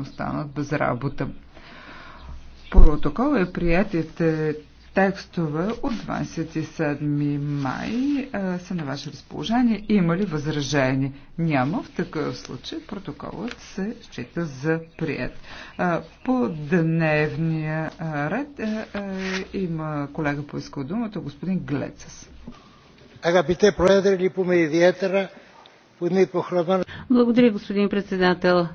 останат без работа. Протокол е приятите текстове от 27 май а, са на ваше разположение. Има ли възражение? Няма. В такъв случай протоколът се счита за прият. А, по дневния ред а, а, има колега поискал думата, господин Глецас. Агапите проедри, по идиетера, Благодаря, господин председател.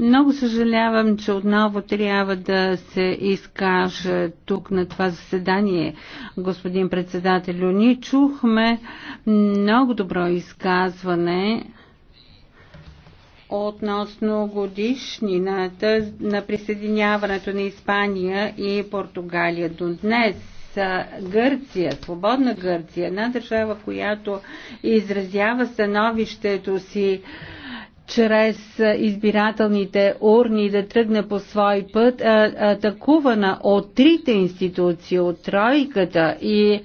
Много съжалявам, че отново трябва да се изкажа тук на това заседание, господин председател. Ние чухме много добро изказване относно годишнината на присъединяването на Испания и Португалия до днес. Гърция, свободна Гърция, една държава, която изразява становището си чрез избирателните урни да тръгне по свой път, атакувана от трите институции, от тройката и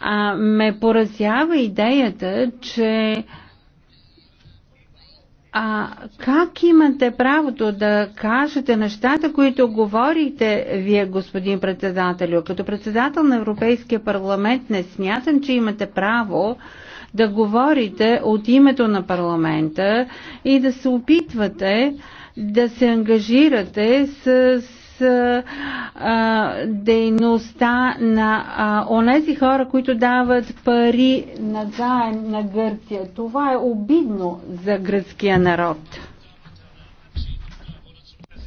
а, ме поразява идеята, че а, как имате правото да кажете нещата, които говорите вие, господин председателю? Като председател на Европейския парламент не смятам, че имате право да говорите от името на парламента и да се опитвате да се ангажирате с а, дейността на а, онези хора, които дават пари на заем на Гърция. Това е обидно за гръцкия народ.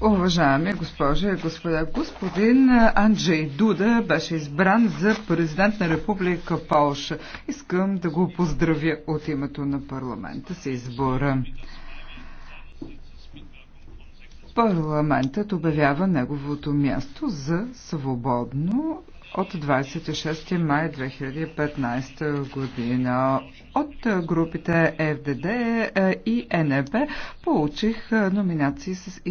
Уважаеми госпожи и господа, господин Анджей Дуда беше избран за президент на Република Полша. Искам да го поздравя от името на парламента с избора. Парламентът обявява неговото място за свободно от 26 май 2015 година. От групите ФДД и е НП е получих номинации с